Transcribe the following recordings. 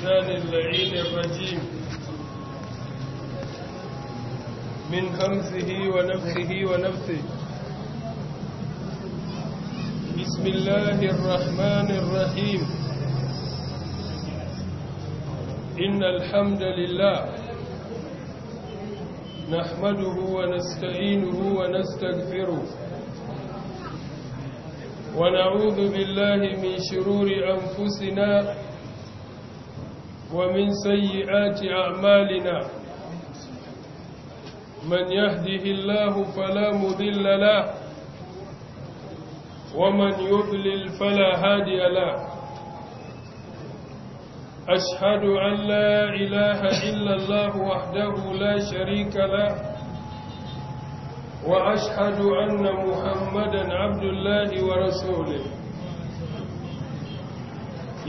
الشيطان اللعين الرجيم من همزه ونفخه ونفثه بسم الله الرحمن الرحيم إن الحمد لله نحمده ونستعينه ونستغفره ونعوذ بالله من شرور أنفسنا ومن سيئات أعمالنا من يهده الله فلا مذل له ومن يضلل فلا هادي له أشهد أن لا إله إلا الله وحده لا شريك له وأشهد أن محمدا عبد الله ورسوله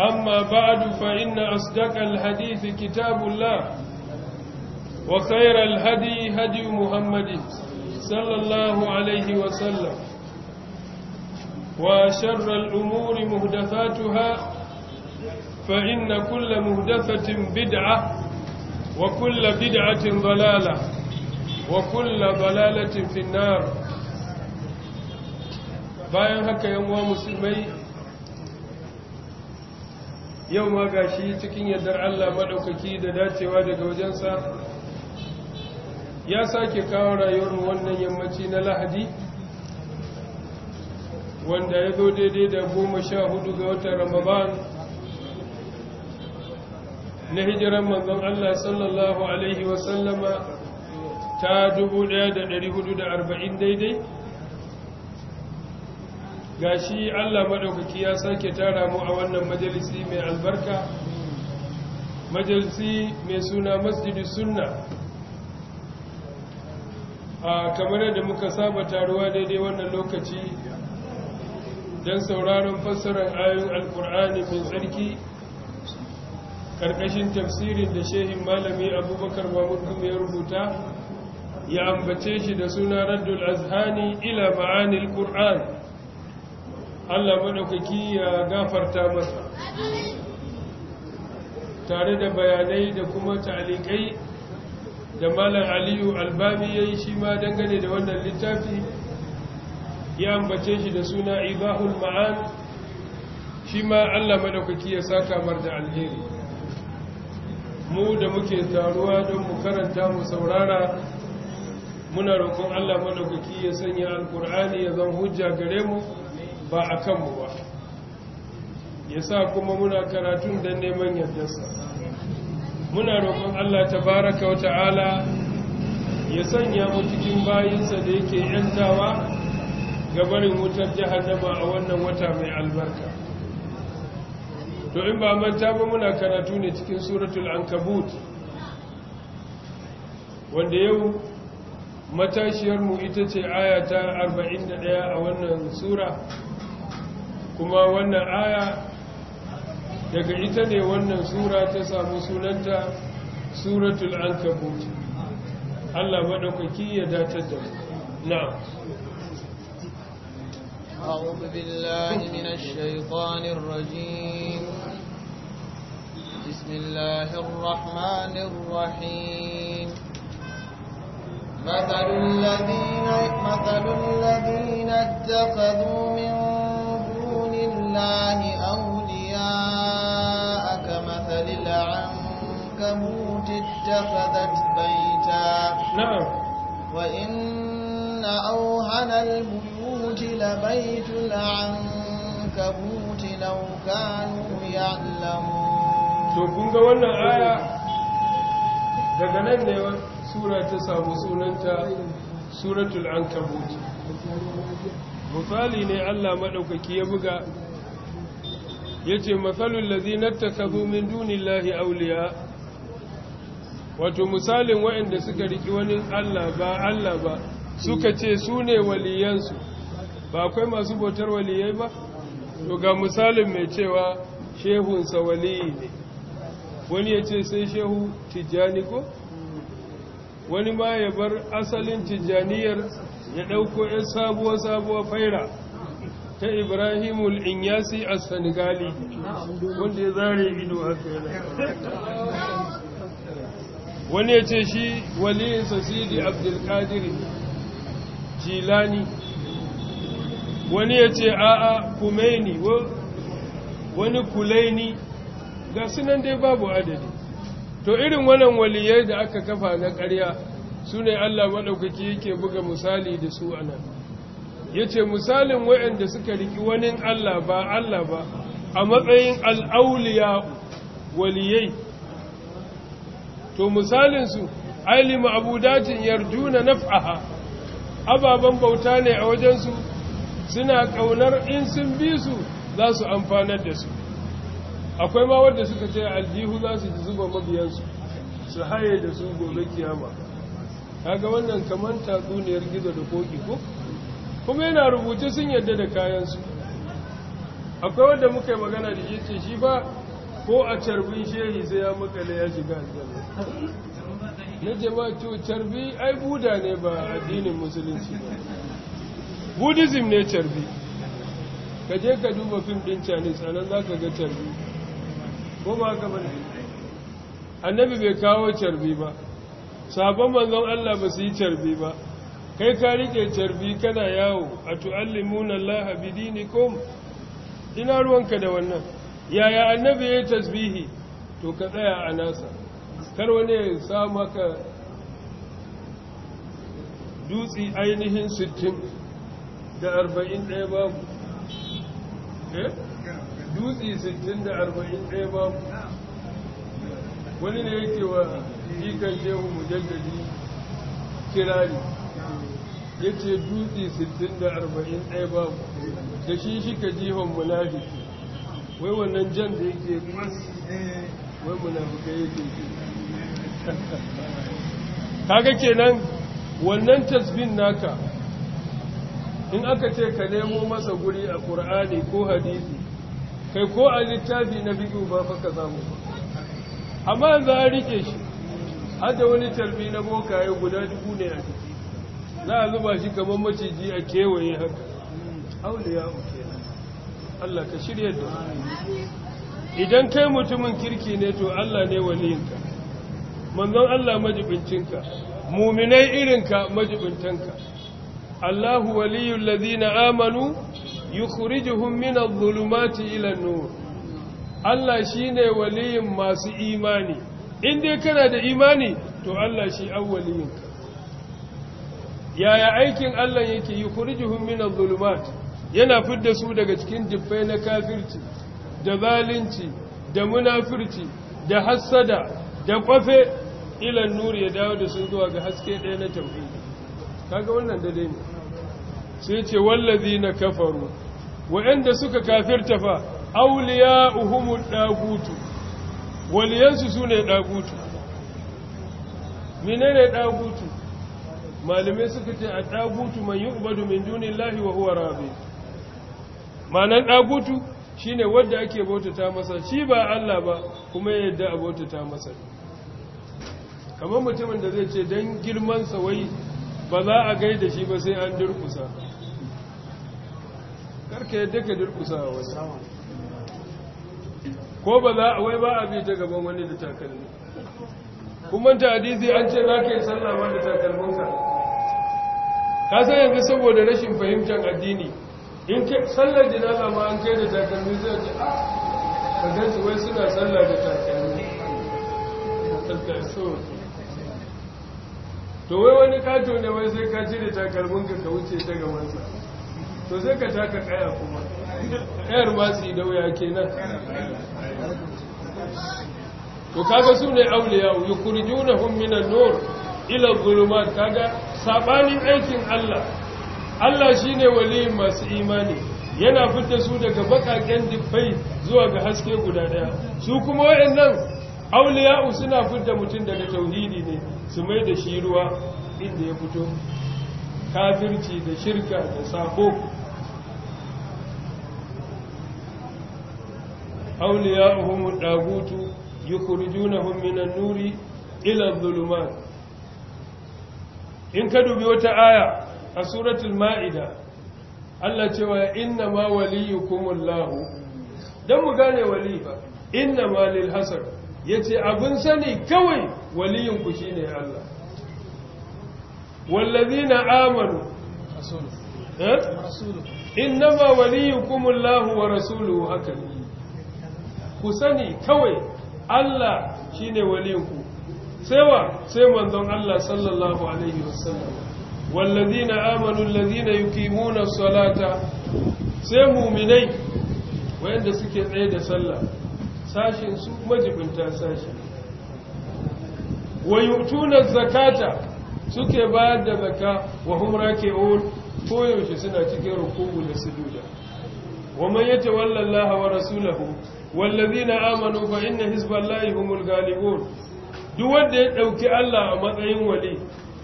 أما بعد فإن أصدق الحديث كتاب الله وخير الهدي هدي محمد صلى الله عليه وسلم وشر الأمور مهدفاتها فإن كل مهدفة بدعة وكل بدعة ضلالة وكل ضلالة في النار باين هكا يوم مسلمين yau ma ga shi cikin yardar Allah maɗaukaki da dacewa daga wajensa ya sake kawo rayuwar wannan yammaci na lahadi wanda ya zo daidai da goma sha hudu ga watan ramadan na hijiran manzon Allah sallallahu Alaihi wasallama ta 1440 daidai Ga shi Allah madaukaki ya sake tara mu a wannan majalisi mai albarka majalisi mai suna masjidi sunna a kamar yadda muka saba taruwa daidai wannan lokaci don sauraron fassarar ayoyin alkur'ani mai tsarki karkashin tafsirin da shehin malami abubakar mahmud ya rubuta ya ambace shi da suna raddul azhani ila ma'anil qur'an Allah maɗaukaki ya gafarta masa tare da bayanai da kuma talikai da malam aliyu albami ya yi shi ma dangane da wannan littafi ya ambace shi da suna ibahul ma'an shi ma Allah maɗaukaki ya saka mar da alheri mu da muke taruwa don mu karanta mu saurara muna roƙon Allah maɗaukaki ya sanya alkur'ani ya zan hujja gare mu ba a kanmu ba ya sa kuma muna karatun don neman yardarsa muna roƙon Allah ta baraka wa ta'ala ya sanya mu cikin bayinsa da yake yantawa barin wutar jihar jahannama a wannan wata mai albarka to in ba manta ba muna karatu ne cikin suratul ankabut wanda yau matashiyarmu ita ce aya ta 41 a wannan sura kuma wannan aya daga ita ne wannan sura ta samu sunanta suratul ankabut Allah madaukaki ya datar da na'am أعوذ بالله من الشيطان الرجيم بسم الله الرحمن الرحيم مثل الذين, مثل الذين اتخذوا من دون الله أولياء كمثل العنكبوت اتخذت بيتا نعم وإن أوهن البيوت لبيت العنكبوت لو كانوا يعلمون to kun ga wannan aya daga nan ne sura ta samu sunanta suratul ankabut misali ne Allah madaukaki ya buga yace masalul ladzina takazu min dunillahi awliya wato misalin waɗanda suka riki wani Allah ba Allah ba suka ce su ne waliyansu ba akwai masu bautar waliyai ba to ga misalin mai cewa shehunsa waliyi ne wani ya ce sai shehu tijjani ko wani ma ya bar asalin tijjaniyar ya ɗauko ‘yan sabuwa-sabuwa faira ta ibrahimu al'inyasi a senegali wanda ya zare ido a faira wani ya ce shi waliyin sasidi abdulkadiri jilani wani ya ce a'a kumeni wani kulaini ga sunan dai babu adadi to irin wannan waliyai da aka kafa na ƙarya su ne Allah maɗaukaki yake buga misali da su a nan ya ce misalin waɗanda suka riki wani Allah ba Allah ba a matsayin al'auliya waliyai to misalinsu ailima abu dajin yarjuna naf'aha ababen bauta ne a wajensu suna ƙaunar in sun bi su za su amfanar da su akwai ma wanda suka ce aljihu za su ji zuba mabiyansu su haye da su gobe kiyama kaga wannan kamar tatsuniyar gizo da koki ko kuma yana rubuce sun yadda da kayansu akwai wanda muka yi magana da yace shi ba ko a carbin shehi sai ya makale ya shiga aljanna na jama'a carbi ai buda ne ba addinin musulunci ba buddhism ne carbi ka je ka duba fim din chinese anan za ka ga carbi ko ba ka bane annabi bai kawo carbi ba sabon manzon Allah ba su yi carbi ba kai ka rike carbi kana yawo a tu'allimuna Allah bi dinikum ina ruwanka da wannan yaya annabi ya tasbihi to ka tsaya a nasa kar wani ya sa maka dutsi ainihin sittin da arba'in ɗaya babu eh dutse sittin da arba'in ɗaya babu wani ne yake wa jikan shehu mujallali kirari ya ce dutse sittin da arba'in ɗaya babu da shi shi ka jihon munafiki wai wannan jan da yake wai munafika yake kaga kenan wannan tasbin naka in aka ce ka nemo masa guri a ƙur'ani ko hadisi kai ko a littafi na biyu ba fa ka samu ba amma za a rike shi hada wani tarbi na bokaye guda dubu ne a ciki za a zuba shi kamar maciji a kewaye haka Aure ya uke Allah ka shirya da idan kai mutumin kirki ne to Allah ne waliyinka manzon Allah majibincinka muminai irinka majibintanka Allahu waliyul ladina amanu yukhrijuhum min adh-dhulumati ila an-nur Allah shine waliyin masu imani in dai kana da imani to Allah shi awwaliyinka yaya aikin Allah yake yukhrijuhum min adh-dhulumati yana fidda su daga cikin jiffai na kafirci da zalunci da munafirci da hassada da kwafe ilan nur ya dawo da sun zuwa ga haske ɗaya na tauhidi kaga wannan dade sai ce wallazi na kafaru wa'anda suka kafirta fa auliya uhumu ɗagutu waliyansu su ne ɗagutu mine ne ɗagutu malamai suka ce a ɗagutu man yi ubadu min duni lahi wa huwa rabe manan ɗagutu shi ne wadda ake bautata masa shi ba Allah ba kuma yadda a bautata masa kamar mutumin da zai ce don girmansa wai ba za a gaida shi ba sai an durkusa karka yadda ka durkusa a wasu ko ba za a wai ba a bi ta gaban wani da takalmi kuma ta hadisi an ce za ka yi sallah ma da takalminka ka san yanzu saboda rashin fahimtar addini in ke sallar jinaza ma an kai da takalmi zai ce a ah, ka su wai suna sallar da takalmi to wai wani kato ne wai sai ka cire takalminka ka wuce ta gabansa to sai ka taka kaya kuma ƴar ba su yi dauya kenan to kaga su ne auliya yukhrijunahum hunminan nor ila gulma kaga sabanin aikin Allah Allah shi ne wali masu imani yana fitta su daga bakaken dubbai zuwa ga haske guda daya su kuma nan auliya suna fita mutum daga tauhidi ne su mai da shi ruwa inda ya fito kafirci da shirka da sako auliya ahumu dagutu yi kurjunahun minan nuri ilan zulman in ka dubi wata aya a suratul ma'ida Allah cewa inna ma waliyu kumullahu don mu gane wali ba inna ma lil hasar ya ce abin sani kawai waliyinku shi ne Allah wallazina amanu innama waliyukumullahu wa rasuluhu haka ku sani kawai Allah shine waliyinku sai wa sai manzon Allah sallallahu alaihi wasallam wallazina amanu allazina yuqimuna as-salata sai mu'minai wayanda suke tsaye da sallah sashin su majibinta sashi wa yu'tuna zakata suke bayar da zaka wa ke raki'un koyaushe suna cikin ruku'u da sujuda wa man yatawalla Allah wa rasulahu ladina amanu fa inna hizballahi humul ghalibun duk wanda ya dauki Allah a matsayin wali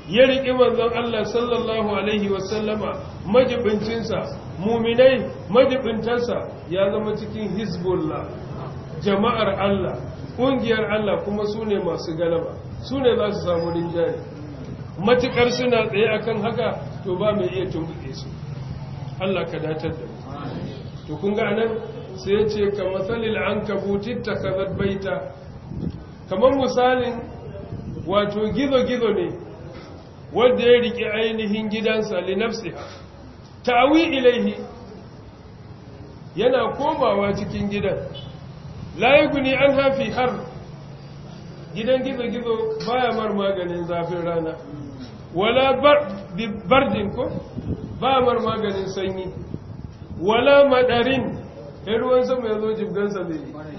ya riki manzon Allah sallallahu alaihi wa majibincin majibincinsa muminai majibintarsa ya zama cikin hizbullah jama'ar Allah ƙungiyar Allah kuma sune masu galaba su ne za su samu rinjaye matukar suna tsaye akan haka to ba mai iya tumbuke su Allah ka datar da to kun ga anan sai ce ka masalil ta takazat baita kamar misalin wato gizo gizo ne wanda ya rike ainihin gidansa li nafsiha ta'awi ilaihi yana komawa cikin gidan la an hafi har gidan gizo gizo baya mar maganin zafin rana wala bardin ko ba mar maganin sanyi wala madarin ya ruwan sama ya zo jibgansa bai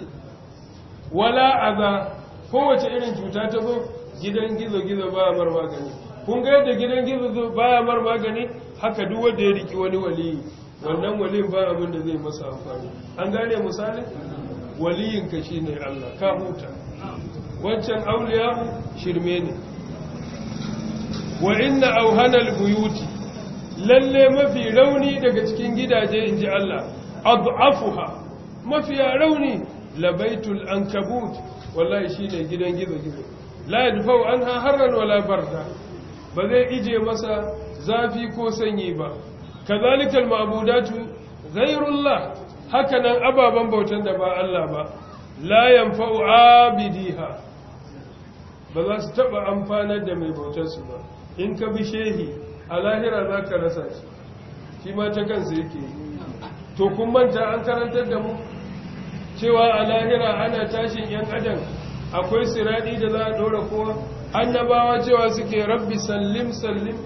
wala aza kowace irin cuta ta zo gidan gizo-gizo ba mar magani kun ga yadda gidan gizo ba mar magani haka duk wanda ya riki wani waliyi wannan waliyin ba abin da zai masa amfani an gane misali waliyinka shine Allah ka huta wancan auliya shirme ne wa inna auhanal buyuti lalle mafi rauni daga cikin gidaje in ji Allah ad'afuha mafi rauni labaitul ankabut wallahi shine gidan gizo gizo la yadfau anha harran wala barda ba zai ije masa zafi ko sanyi ba kazalikal ma'budatu ghayrullah hakanan ababan bautan da ba Allah ba la yanfa'u abidiha ba za su taɓa amfanar da mai bautar su ba in ka bi shehi a lahira za ka rasa shi shi ma ta kansa yake to kun manta an karantar da mu cewa a lahira ana tashin yan adam akwai siradi da za a dora kowa annabawa cewa suke rabbi sallim sallim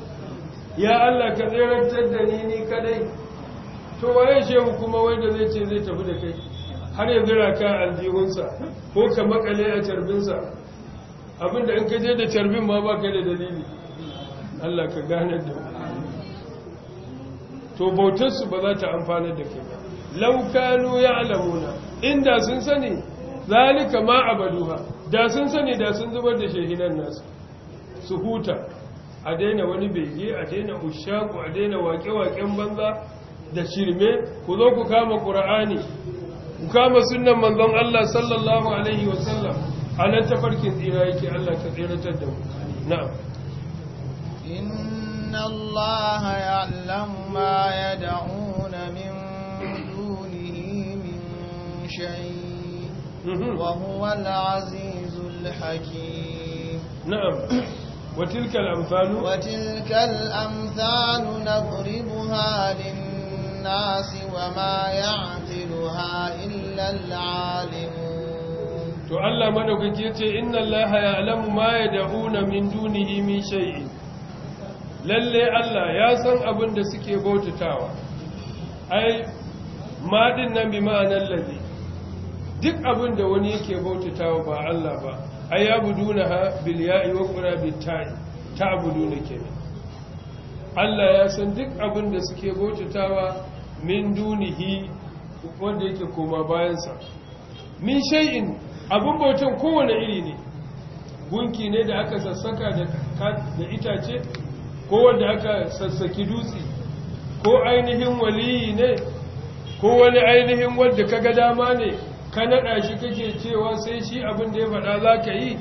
ya Allah ka tsirantar da ni ni kadai to waye shehu kuma wai da zai ce zai tafi da kai har ya ra ka aljihunsa ko ka makale a carbinsa abinda in ka je da carbin ma ba ka da dalili Allah ka gane da to bautarsu ba za ta amfana da kai ba laukanu ya alamuna inda sun sani zalika ma abaduha da sun sani da sun zubar da shahidan nasu su huta a daina wani bege a daina ushaku a daina waƙe-waƙen banza da shirme ku zo ku kama ƙura'ani ku kama sunan manzon Allah sallallahu alaihi wasallam a nan tafarkin tsira yake Allah ka tsiratar da mu na'am إن الله يعلم ما يدعون من دونه من شيء وهو العزيز الحكيم نعم وتلك الأمثال وتلك الأمثال نضربها للناس وما يعقلها إلا العالمون to Allah madaukaki yace inna Allah ya'lamu ma yad'una min dunihi min shay'in lalle Allah ya san abin da suke bautatawa ai madin nan bi ma'anar lalle duk abin da wani yake bautatawa ba Allah ba ai ya buduna ha bil ya'i wa qura bit ta'i ta buduna kenan Allah ya san duk abin da suke bautatawa min dunihi wanda yake koma bayansa min shay'in abin bautan kowane iri ne gunki ne da aka sassaka da itace ko wanda aka sassaki dutse ko ainihin waliyi ne ko wani ainihin wanda kaga dama ne ka naɗa shi kake cewa sai shi abin da ya faɗa za ka yi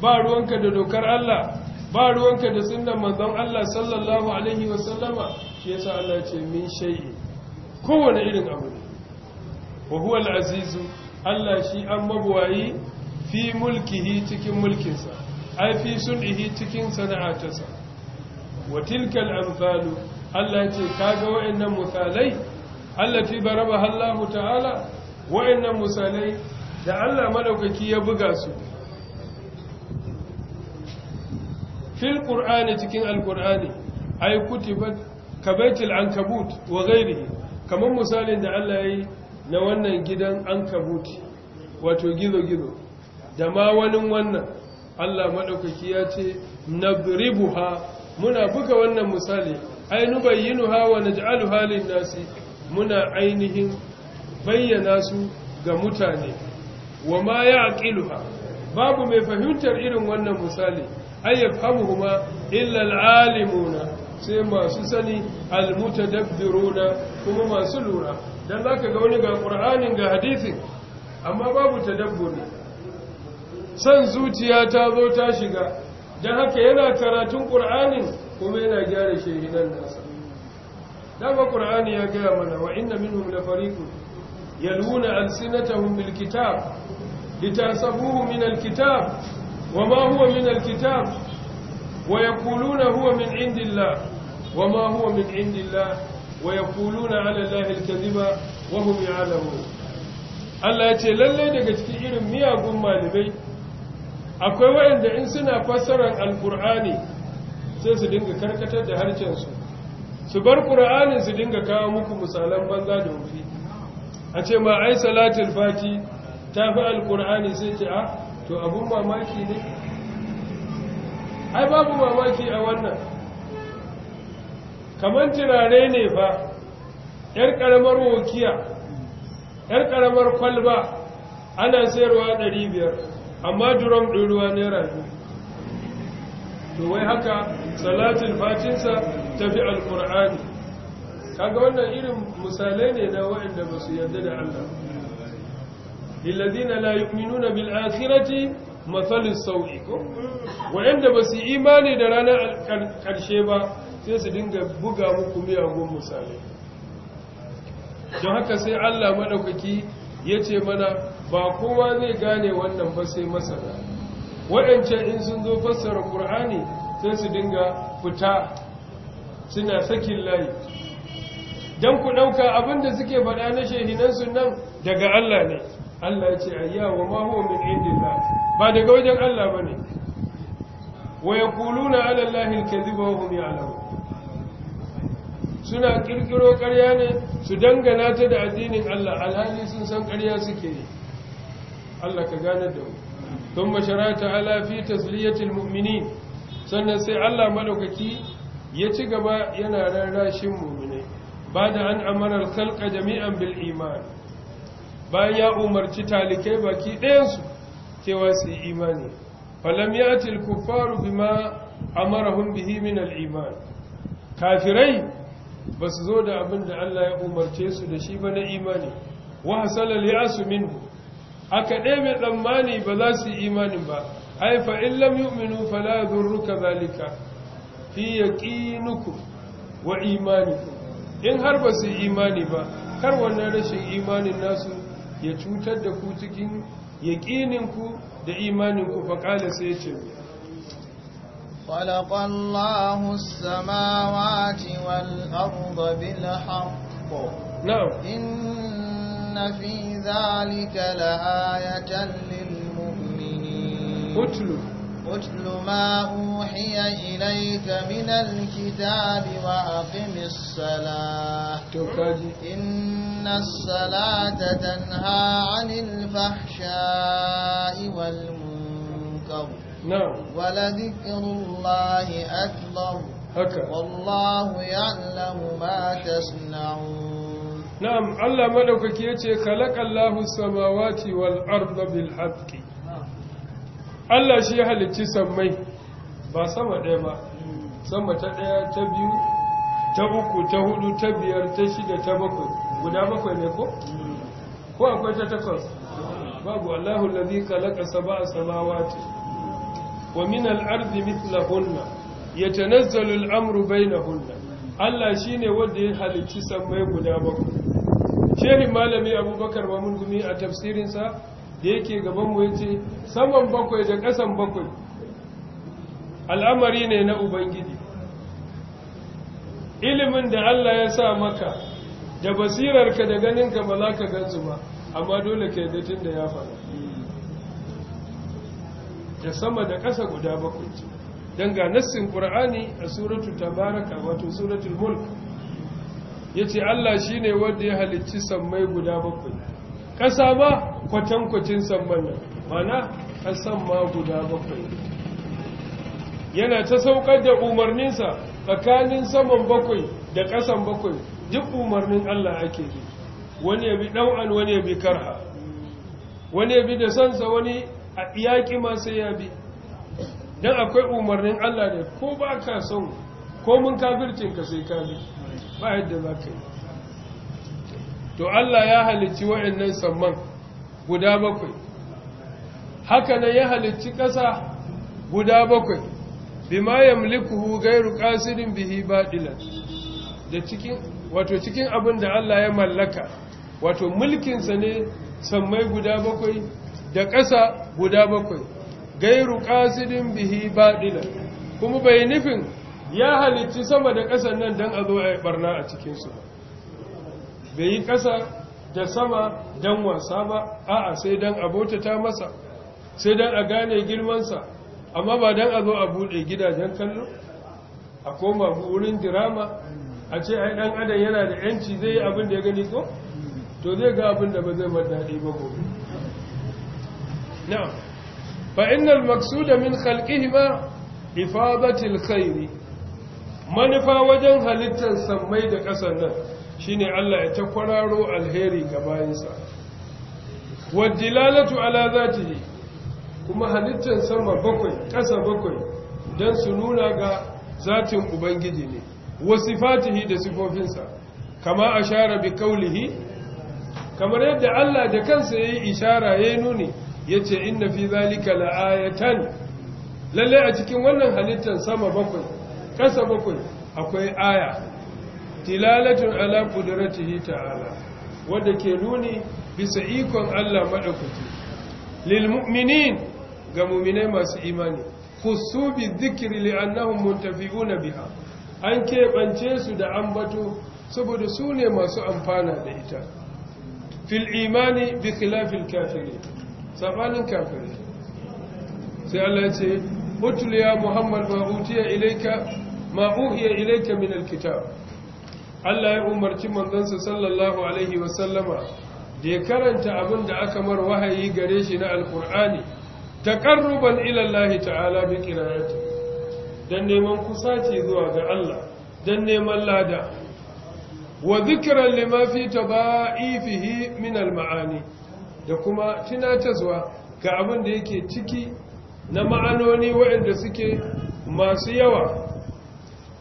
ba ruwanka da dokar Allah ba ruwanka da sunan manzon Allah sallallahu alaihi wa sallama, shi yasa Allah ce min shay'i wani irin abu ne wa huwa al-azizu Allah shi an mabwayi fi mulkihi cikin mulkinsa ai fi sunnihi cikin sana'atarsa wa tilkal amsalu Allah ce kaga wayannan misalai allati barabaha Allah ta'ala wa'annan misalai da Allah madaukaki ya buga su fil qur'ani cikin alqur'ani ay kutibat kabaitil ankabut wa ghairihi kamar misalin da Allah yayi na wannan gidan ankabut wato gizo gizo da ma wani wannan Allah madaukaki ya ce nadribuha muna buga wannan misali ai hawa wa naj'alu halin nasi muna ainihin bayyana su ga mutane wa ma ya'qiluha babu mai fahimtar irin wannan misali ay yafhamuhuma illa alalimuna alimuna sai masu sani almutadabbiruna kuma masu lura dan zaka ga wani ga qur'anin ga hadisin amma babu tadabburi san zuciya ta zo ta shiga don haka yana karatun ƙur'anin kuma yana gyara shehinan nasa dama ƙur'ani ya gaya mana wa inna minhum la fariqun yaluna alsinatahum bil kitab litasabuhu min al kitab wa ma huwa min al kitab wa yaquluna huwa min indillah wa ma huwa min indillah wa yaquluna ala allahi al kadhiba wa hum ya'lamun Allah ya ce lalle daga cikin irin miyagun malibai. akwai wayanda in suna fassarar alkur'ani sai su dinga karkatar da harcensu su bar kur'anin su dinga kawo muku misalan banza da wufi a ce ma ai salatul fati ta fi alkur'ani sai ce a to abun mamaki ne ai babu mamaki a wannan kamar turare ne fa ‘yar ƙaramar wokiya ‘yar ƙaramar kwalba ana sayarwa biyar. amma durom ɗin ruwa naira biyu to wai haka salatin fatinsa tafi alkur'ani kaga wannan irin misalai ne na waɗanda ba su yarda da Allah lilladina la yu'minuna bil akhirati mathalus sawi ko waɗanda ba su imani da ranar ƙarshe ba sai su dinga buga muku miyagun misalai don haka sai Allah madaukaki ya ce mana ba kowa zai gane wannan ba sai masana waɗancan in sun zo fassara ƙur'ani sai su dinga fita suna sakin layi don ku ɗauka abinda suke faɗa na shehinansu nan daga Allah ne Allah ya ce ayyawa ma huwa min indillah ba daga wajen Allah ba ne wa yaquluna ala allahi zuba wa hum suna kirkiro ƙarya ne su dangana ta da addinin Allah alhali sun san ƙarya suke yi Allah ka gane da mu thumma shara ta'ala fi tasliyatil mumini sannan sai Allah madaukaki ya ci gaba yana rarrashin mu'minai da an amara al-khalqa jami'an bil iman bayan ya umarci talikai baki ɗayansu cewa su yi imani falam ya'ti al-kuffaru bima amarahum bihi min al-iman kafirai ba su zo da abin da Allah ya umarce su da shi ba na imani wa hasalal ya'su minhu aka ɗebe tsammani ba za su yi imanin ba haifa in lam yu'minu fala yadurruka zalika fi yaqinukum wa imanikum in har ba su imani ba kar wannan rashin imanin nasu ya cutar da ku cikin yaƙininku da imaninku fa kala sai ya ce خلق الله السماوات والأرض بالحق نعم إن في ذلك لآية للمؤمنين أتل أتل ما أوحي إليك من الكتاب وأقم الصلاة إن الصلاة تنهى عن الفحشاء والمنكر نعم ولذكر الله أكبر والله يعلم ما تصنعون na'am Allah madaukaki yace khalaqallahu samawati wal arda bil haqqi Allah shi ya halicci samai, ba sama ɗaya ba sama ta ɗaya ta biyu ta uku ta hudu ta biyar ta shida ta bakwai guda bakwai ne ko ko akwai ta takwas babu Allahu allazi khalaqa sab'a samawati wa min al-ardi mithlahunna yatanazzalu al-amru bainahunna Allah shine wanda ya halicci sammai guda bakwai shehin malami abubakar ba mun gumi a tafsirinsa da yake gabanmu ya ce saman bakwai da ƙasan bakwai al'amari ne na ubangiji ilimin da allah ya sa maka da basirarka da ganinka ba za ka gansu ba amma dole ka yadda tun da ya faru da sama da ƙasa guda bakwai ce don ga nassin ƙur'ani a suratu tabaraka wato suratul mulk ya ce Allah shi ne wanda ya halicci sammai guda bakwai ƙasa ma kwatankwacin samman nan mana ƙasan ma guda bakwai yana ta saukar da umarninsa tsakanin saman bakwai da ƙasan bakwai duk umarnin Allah ake yi wani ya bi ɗau'an wani ya bi karha wani ya bi da sansa wani a yaƙi ma sai ya bi don akwai umarnin Allah ne ko ba ka son ko mun kafircinka sai ka bi ba yadda za ka yi to Allah ya halicci wa'annan samman guda bakwai haka nan ya halicci ƙasa guda bakwai bima hu gairu ƙasirin bihi badilan da cikin wato cikin abin da Allah ya mallaka wato mulkinsa ne sammai guda bakwai da ƙasa guda bakwai gairu ƙasirin bihi badilan kuma bai nufin ya halicci sama da ƙasan nan don a zo a yi barna a cikinsu ba bai yi ƙasa da sama don wasa ba a'a sai don ta masa sai don a gane girmansa amma ba don a zo a buɗe gidajen kallo a koma wurin dirama a ce ai ɗan adam yana da yanci zai yi abin da ya gani ko to zai ga abin da ba zai daɗi ba gobe na'am fa innal maqsuda min ba ifadatil khairi manufa wajen halittar sammai da ƙasar nan shine Allah ya ta kwararo alheri ga bayansa lalatu ala za ta yi kuma halittar sama bakwai ƙasa bakwai don su nuna ga zatin ubangiji ne wasu fatihi da sifofinsa kama a ashara bi kaulihi kamar yadda Allah da kansa ya yi ishara ya yi nuni yace inna fi zalika laayatan lalle a cikin wannan halittar sama bakwai ƙasa bakwai akwai aya tilalatun ala kudratihi ta'ala wadda ke nuni bisa ikon Allah madaukaki lil mu'minin ga mu'minai masu imani kusu bi dhikri li'annahum muntafi'una biha an keɓance su da ambato saboda su ne masu amfana da ita fil imani bi khilafil kafiri sabanin sai Allah ce utul ya muhammad wa ilaika ma uhiya ilayka min alkitab Allah ya umarci manzansa sallallahu alaihi wa sallama da ya karanta abin da aka mar wahayi gare shi na alkur'ani taqarruban ila Allah ta'ala bi qira'ati dan neman kusaci zuwa ga Allah dan neman lada wa dhikran lima fi tabaifihi min almaani da kuma zuwa ga abin da yake ciki na ma'anoni waɗanda suke masu yawa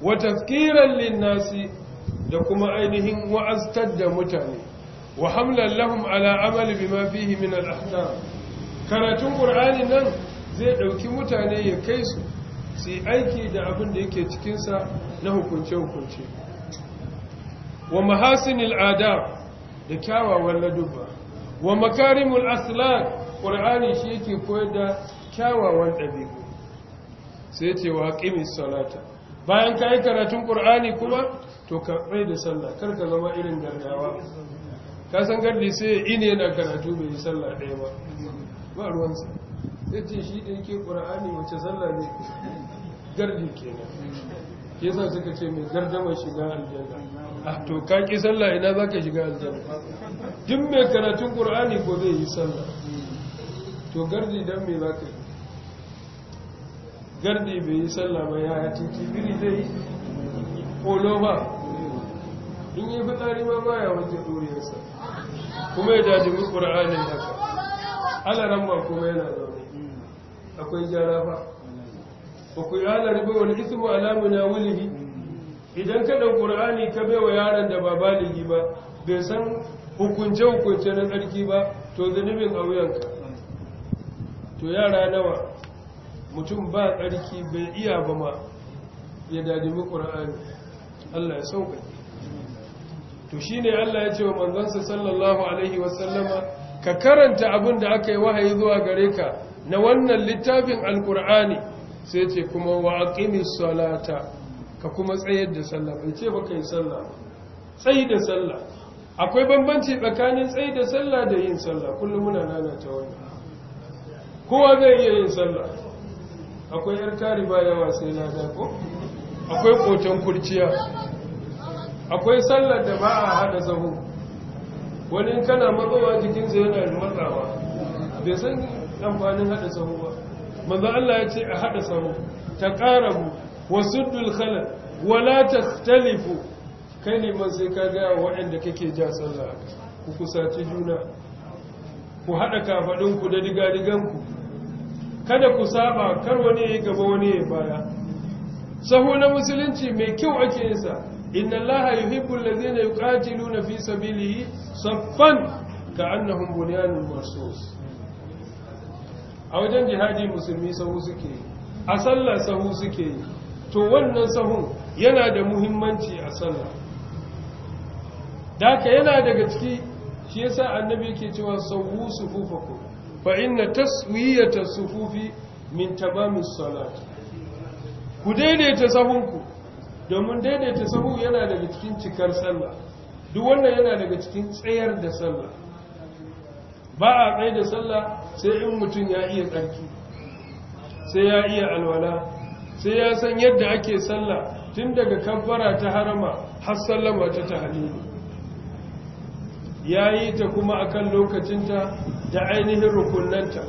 wa tafkiran linnasi da kuma ainihin wa'aztar da mutane wa hamlan lahum ala amali bima fihi min karatun ƙur'ani nan zai ɗauki mutane ya kai su su aiki da abin da yake cikin sa na hukunce hukunce wa mahasinil adab da kyawawan ladubba wa makarimul aslak ƙur'ani shi yake koyar da kyawawan dabi'u sai ce wa qimis salata bayan ka yi karatun ƙur'ani kuma to ka da sallah kar ka zama irin gargawa ka san gardi sai ine yana karatu bai yi sallah ɗaya ba ba ruwansa sai ce shi ɗin ke ƙur'ani wace sallah ne gardi kenan ke sa suka ce mai gardama shiga aljanna a ah, to ka ƙi sallah ina za ka shiga aljanna duk mai karatun ƙur'ani ko zai yi sallah to gardi don me za ka yi gardi bai yi sallah ba ya titi biri zai yi kolo ba in yi fitari ma baya wajen duriyarsa kuma ya mu ƙura'anin haka alaran ba kuma yana zaune akwai jara ba ba ku yi halar ba wani ismu na wulihi idan ka ɗan ƙura'ani ka wa yaron da ba baligi ba bai san hukunce-hukunce na tsarki ba to zunubin a wuyanka to yara nawa mutum ba tsarki bai iya ba ma ya dadimi ƙura'ani Allah ya sauƙa to shi ne Allah ya ce wa manzansa sallallahu alaihi wasallama ka karanta abin da aka yi wahayi zuwa gare ka na wannan littafin alƙura'ani sai ce kuma wa aqimis salata ka kuma tsayar da sallah bai ce baka yi sallah tsayi da sallah akwai bambanci tsakanin tsayi da sallah da yin sallah kullum muna nana ta wannan kowa zai iya yin sallah akwai yar tari ba yawa sai na ko akwai koton kurciya akwai sallar da ba a hada zaho wani kana matsowa jikinsa yana matsawa bai san amfanin hada zaho ba manzo Allah ya ce a hada zaho ta mu wasu dulkala wala ta talifu kai neman sai ka gaya waɗanda kake ja sallah ku kusaci juna ku haɗa kafaɗinku da diga-diganku kada ku saba kar wani ya gaba wani ya baya sahu na musulunci mai kyau ake yinsa inna allaha yuhibbu alladhina yuqatiluna fi sabilihi saffan ka'annahum bunyanun marsus a wajen jihadi musulmi sahu suke a sallah sahu suke to wannan sahun yana da muhimmanci a sallah daka yana daga ciki shi yasa annabi yake cewa sahu sufufakum fa inna taswiyata sufufi min tamamis salat ku daidaita sahunku domin daidaita sahu yana daga cikin cikar sallah duk wannan yana daga cikin tsayar da sallah ba a tsaye da sallah sai in mutum ya iya tsarki sai ya iya alwala sai ya san yadda ake sallah tun daga kabbara ta harama har sallama ta tahlili ya yi ta kuma a kan lokacinta da ainihin rukunanta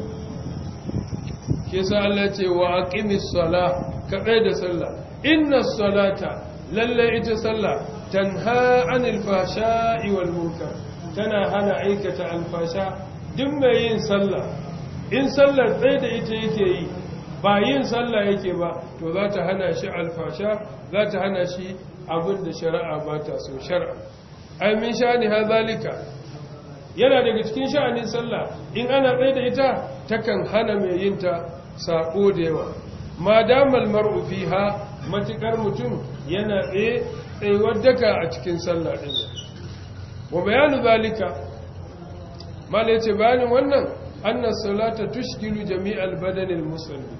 ke sa Allah ce wa aqimis sala kaɗai da sallah inna salata lallai ita sallah tanha anil fasha'i wal munkar tana hana aikata alfasha duk mai yin sallah in sallar tsaye da ita yake yi ba yin sallah yake ba to za ta hana shi alfasha za ta hana shi abin da shari'a ba ta so shari'a ai min sha'ani ha zalika yana daga cikin sha'anin sallah in ana tsaye da ita takan hana mai yin ta sako da yawa ma damal mar'u fiha matikar mutum yana tsaye tsayuwar a cikin sallah din wa bayanu zalika mala ce bayanin wannan anna salata tushkilu jami'al badanil musulmi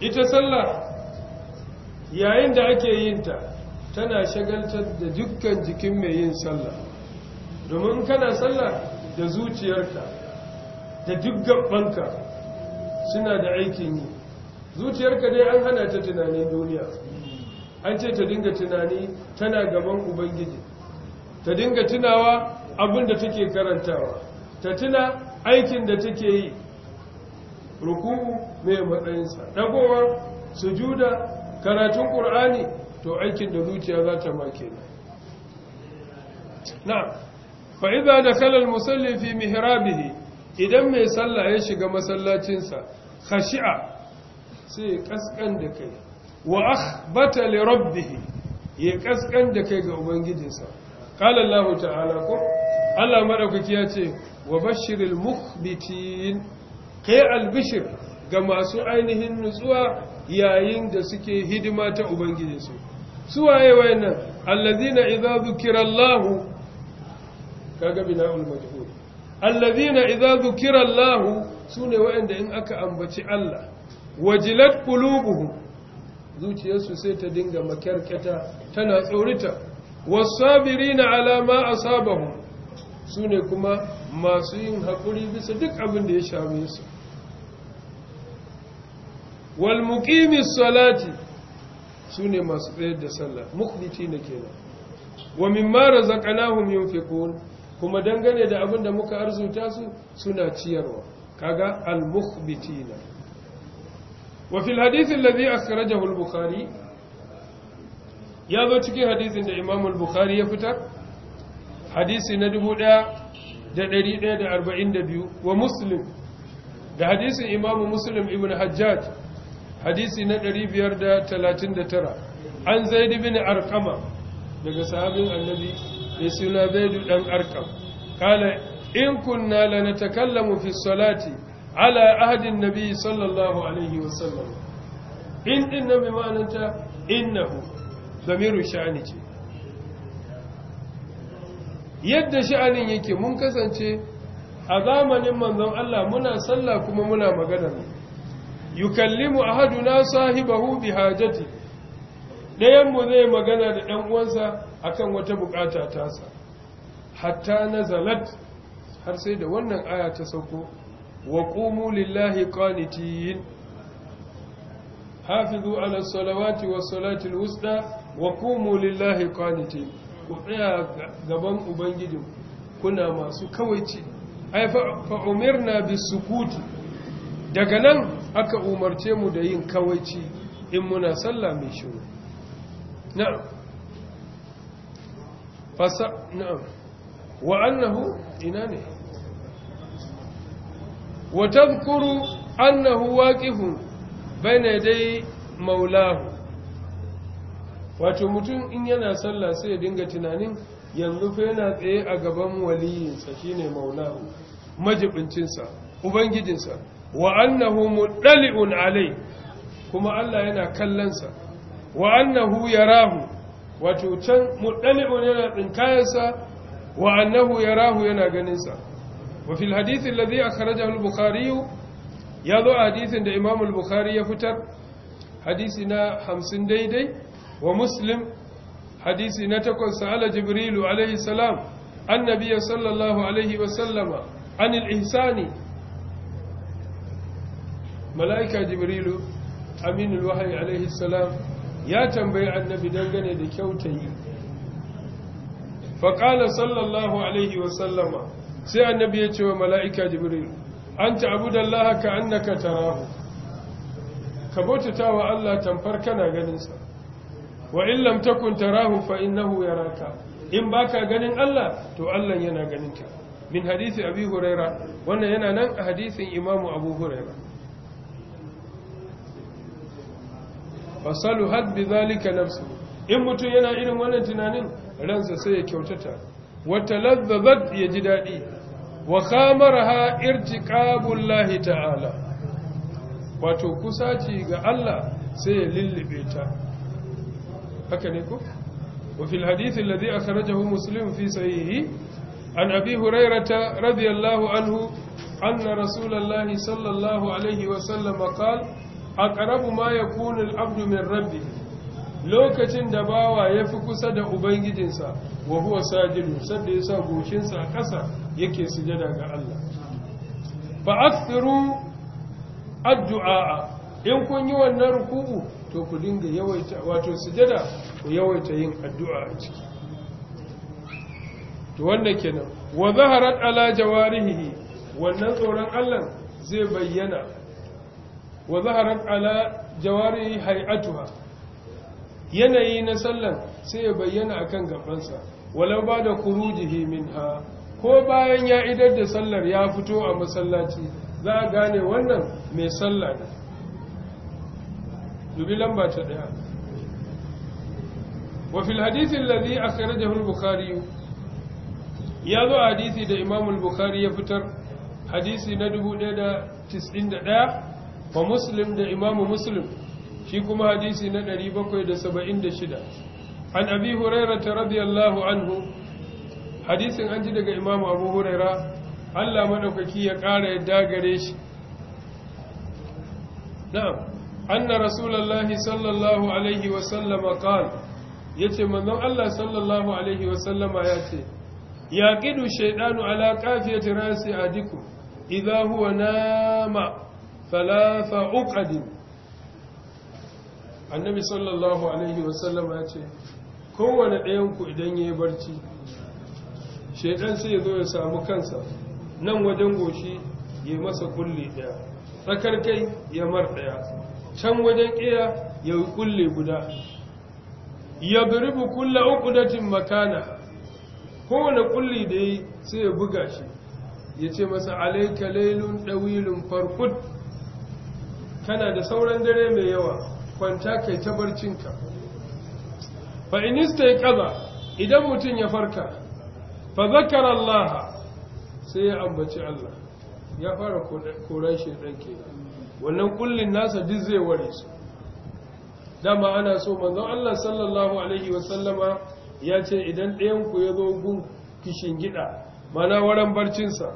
ita sallah yayin da ake yin ta tana shagaltar da dukkan jikin mai yin sallah domin kana sallah da zuciyarka da duk gabbanka suna da aikin yi zuciyarka dai an hana ta tunanin duniya an ce ta dinga tunani tana gaban ubangiji ta dinga tunawa abin da take karantawa ta tuna aikin da take yi ruku'u mai matsayinsa dagowa sujuda karatun ƙur'ani to aikin da zuciya za ta ma kenan na'am fa idza dakhala al-musalli idan mai sallah ya shiga masallacinsa khashi'a sai kaskan da kai wa akhbata li ya kaskan da kai ga ubangijinsa qala Allah ta'ala ko Allah madaukaki ya ce wa bashiril mukhbitin kai albishir ga masu ainihin nutsuwa yayin da suke hidima ta ubangijinsu suwaye wayannan allazina idza zukira Allah kaga bina'ul majhul allazina idza zukira Allah sune wayanda in aka ambaci Allah wajilat qulubuhum zuciyarsu sai ta dinga makarkata tana tsorita wasabirina ala ma asabahum sune kuma masu yin haƙuri bisa duk abin da ya shame su wal muqimis salati sune masu tsayar da sallah mukhlitina kenan wa mimma razaqnahum yunfiqun kuma dangane da abin da muka arzuta su suna ciyarwa kaga al-mukhbitina wa fil hadith alladhi akhrajahu al-bukhari ya zo cikin hadisin da Imam al-Bukhari ya fitar hadisi na 1142 wa Muslim da hadisin Imam Muslim ibn Hajjaj hadisi na 539 an zai dubi ni arkama daga sahabin annabi da suna zaid dan arkam kala in kunna mu fi salati ala ahadin nabi sallallahu alaihi wasallam in din nabi ma'ananta innahu zamiru sha'ani ce yadda sha'anin yake mun kasance a zamanin manzon Allah muna sallah kuma muna magana yukallimu ahaduna sahibahu bihajati dayan mu zai magana da ɗan uwansa akan wata bukata tasa hatta nazalat har sai da wannan aya ta sauko wa qumu lillahi qanitin hafizu ala salawati was salati alwusta wa qumu lillahi qanitin ku tsaya gaban ubangiji kuna masu kawaici ai fa umirna bisukuti daga nan aka umarce mu da yin kawaici in muna sallah mai shiru na'am fasa na'am wa annahu ina ne wa tadhkuru annahu waqifun bayna dai maulahu wato mutum in yana sallah sai ya dinga tunanin yanzu fa yana tsaye a gaban waliyinsa shine maulahu majibincinsa ubangijinsa wa annahu mudali'un alai kuma Allah yana kallonsa wa annahu yarahu wato can mudali'un yana tsinkayensa wa annahu yarahu yana ganinsa wa fil hadith alladhi akhrajahu al-bukhari yazo hadithin da Imam al ya fitar hadisi na 50 daidai wa Muslim hadisi na 8 sa'ala Jibril alayhi salam annabi sallallahu alaihi wa sallama anil ihsani mala'ika jibrilu Aminu wahayi alaihi salam ya tambayi annabi dangane da kyautayi faƙala sallallahu alaihi wasallama sai annabi ya ce wa mala'ika jibrilu an ta'abudallaha ka annaka tarahu ka bautata wa Allah tamfar kana ganinsa wa in lam takun tarahu fa innahu yaraka in baka ganin Allah to Allah yana ganinka min hadisi abi huraira wannan yana nan a hadisin imamu abu huraira fasalu had bi zalika nafsu in mutum yana irin wannan tunanin ransa sai ya kyautata wa talazzabat ya ji dadi wa khamaraha irtiqabullahi ta'ala wato kusaci ga Allah sai ya lillibe ta haka ne ko wa fil hadith alladhi akhrajahu muslim fi sahihi an abi hurairah radiyallahu anhu anna rasulallahi sallallahu alayhi wa sallam qala aqrabu ma yakunu al-abdu min rabbihi lokacin da bawa ya fi kusa da ubangijinsa wa huwa sajidu sadda ya sa goshinsa a ƙasa yake sujada ga Allah fa akthiru addu'a in kun yi wannan ruku'u to ku dinga yawaita wato sujada ku yawaita yin addu'a a ciki to wannan kenan wa zaharat ala jawarihi wannan tsoron Allah zai bayyana wa zaharat ala jawari hay'atuha yanayi na sallan sai ya bayyana akan gabansa walau ba da kurujihi minha ko bayan ya idar da sallar ya fito a masallaci za a gane wannan mai sallah ne dubi lamba ta daya وفي الحديث الذي أخرجه البخاري يضع حديثي ده إمام البخاري يفتر حديثي ندبو ده da ɗaya? wa muslim da imamu muslim shi kuma hadisi na 776 an abi hurairata radiyallahu anhu hadisin an ji daga imamu abu huraira Allah maɗaukaki ya ƙara ya gare shi na'am anna rasulallahi sallallahu alaihi wa sallama qala yace manzon Allah sallallahu alaihi wa sallama yace yaqidu shaytanu ala kafiyati rasi adiku idha huwa nama thalatha uqadin annabi sallallahu alaihi wasallam ya ce kowane ɗayan ku idan yayi barci shedan sai ya zo ya samu kansa nan wajen goshi ya masa kulli daya tsakar kai ya mar daya can wajen kiya ya kulle guda ya biribu kulla uqdatin makana kowane kulli da yi sai ya buga shi ya ce masa alaika lailun ɗawilun farkud kana da sauran dare mai yawa kwanta kai ta barcinka fa in kaza idan mutun ya farka fa zakara Allah sai ya ambaci Allah ya fara koran shedan kenan wannan kullin nasa duk zai ware su dama ana so manzon Allah sallallahu alaihi wasallama ya ce idan ɗayan ku ya zo gun kishin gida mana waran barcinsa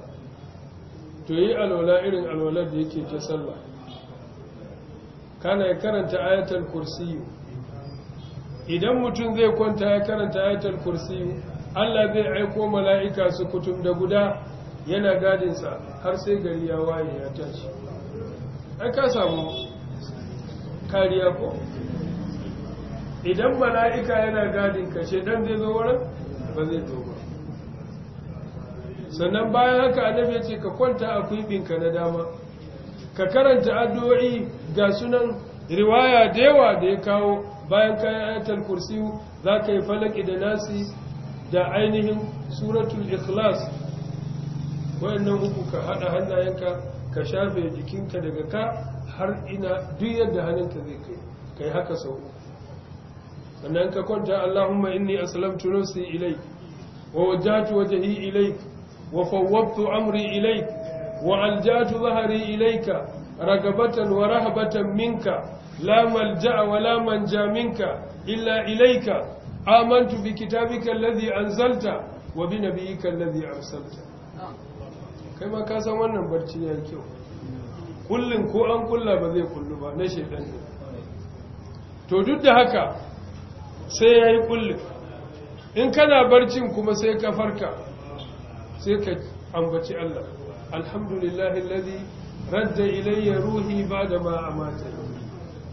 to yi alwala irin alwalar da yake ta sallah kana ya karanta ayatul kursiyu idan mutum zai kwanta ya karanta ayatul kursiyu Allah zai aiko mala'ika su kutum da guda yana gadinsa har sai gari ya waye ya tashi ai ka samu kariya ko idan mala'ika yana gadin ka dan zai zo wurin ba zai zo ba sannan bayan haka annabi ya ce ka kwanta a ka na dama ka karanta addu'o'i ga sunan riwaya da yawa da ya kawo bayan kayan ayatul kursi za ka yi falaki da nasi da ainihin suratul ikhlas wayannan uku ka haɗa hannayenka ka shafe jikinka daga ka har ina duk yadda hannunka zai kai kai haka sau sannan ka kwanta Allahumma inni aslamtu nafsi ilayk wa wajjahtu wajhi ilayk wa fawwadtu amri ilai. وألجأت ظهري إليك رغبة ورهبة منك لا ملجأ ولا منجا منك إلا إليك آمنت بكتابك الذي أنزلت وبنبيك الذي أرسلت كما كاسا wannan barci yayi kyau kullun ko an kulla ba zai kullu ba na shedan ne to duk da haka sai yayi kullun in kana barcin kuma sai ka farka sai ka ambaci Allah الحمد لله الذي رد إلي روحي بعدما أماتني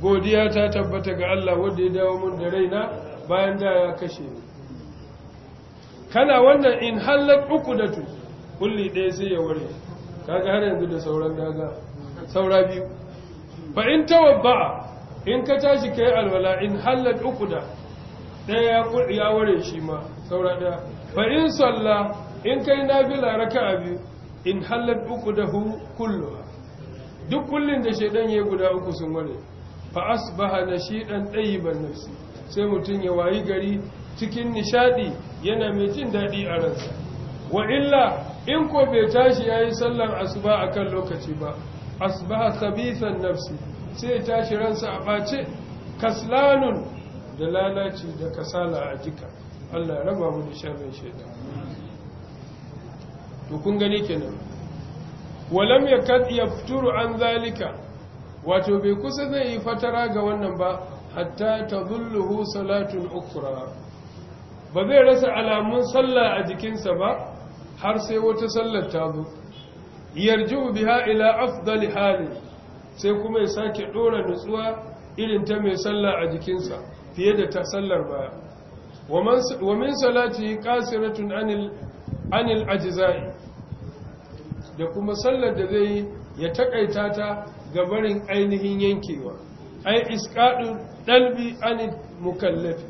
godiya ta tabbata ga Allah wanda ya dawo mun da raina bayan da ya kashe ni kana wannan in halat uku da tu kulli ɗaya sai ya ware kaga har yanzu da sauran daga saura biyu fa in tawabba in ka tashi kai alwala in hallat uku da ɗaya ya ware shi ma saura ɗaya fa in salla in kai nafila raka'a biyu in hallar uku da hu kullu duk kullun da shaidan ya guda uku sun ware fa asbaha na shi ɗan nafsi sai mutum ya wayi gari cikin nishaɗi yana mai jin daɗi a ransa wa illa in ko bai tashi ya yi sallar asuba a kan lokaci ba asbaha sabisan nafsi sai tashi ransa a ɓace kaslanun da lalaci da kasala a jika Allah ya raba mu da sharrin shaidan to kun gani kenan walam yakad yafturu an zalika wato bai kusa zai yi fatara ga wannan ba hatta tadhulluhu salatun ukra ba zai rasa alamun sallah a jikinsa ba har sai wata sallar ta zo yarju biha ila afdali hali sai kuma ya sake dora nutsuwa irin ta mai sallah a jikinsa fiye da ta sallar baya wa min salati qasiratun anil anil ajza'i da kuma sallar da zai yi ya takaita ta ga barin ainihin yankewa ai isqadu dalbi an mukallaf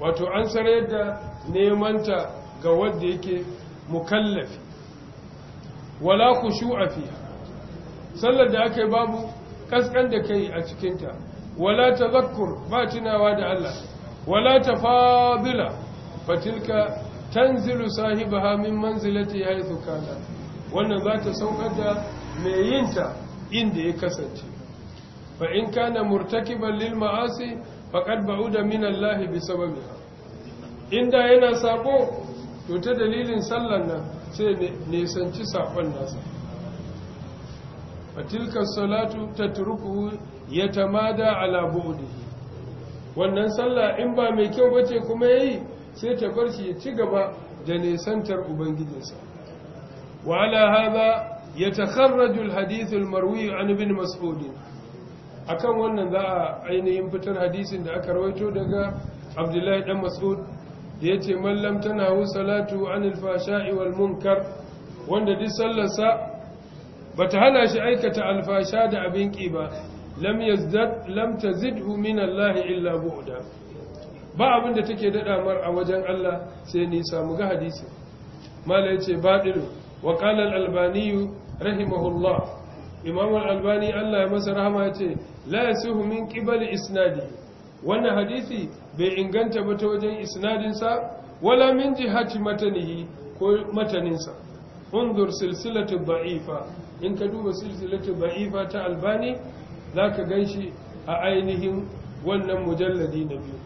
wato an sarayar da nemanta ga wanda yake mukallaf wala khushu'a fiha sallar da aka babu kaskan da kai a cikinta wala tazakkur ba tunawa da Allah wala tafadila fatilka tanzilu ha min manzilati yi kana wannan za ta saukar da mai yinta inda ya kasance fa in kana murtakiban lil ma'asi faqad ba'uda min Allah bi sababi inda yana sako to ta dalilin sallan nan sai ne sanci sakon nasa fatilka salatu tatruku yatamada ala bu'dihi wannan sallah in ba mai kyau bace kuma yayi sai ta bar shi ya ci gaba da nesantar ubangijinsa wa ala hadha yatakharraju alhadith almarwi an ibn mas'ud akan wannan za a ainihin fitar hadisin da aka rawaito daga abdullahi dan mas'ud da yace mallam tana tanahu salatu anil fashai wal munkar wanda duk sallarsa bata hana shi aikata alfasha da abin ƙi ba lam yazdad lam tazidhu min Allah illa bu'da ba abin da take daɗa mar a wajen Allah sai ni samu ga hadisi mala yace baɗin wa qala al-albani rahimahullah imam al-albani Allah ya masa rahama yace la yasuhu min qibal isnadi wannan hadisi bai inganta ba ta wajen isnadin sa wala min jihati matanihi ko matanin sa undur silsilatu da'ifa in ka duba silsilatu da'ifa ta albani zaka ganshi a ainihin wannan mujalladi na biyu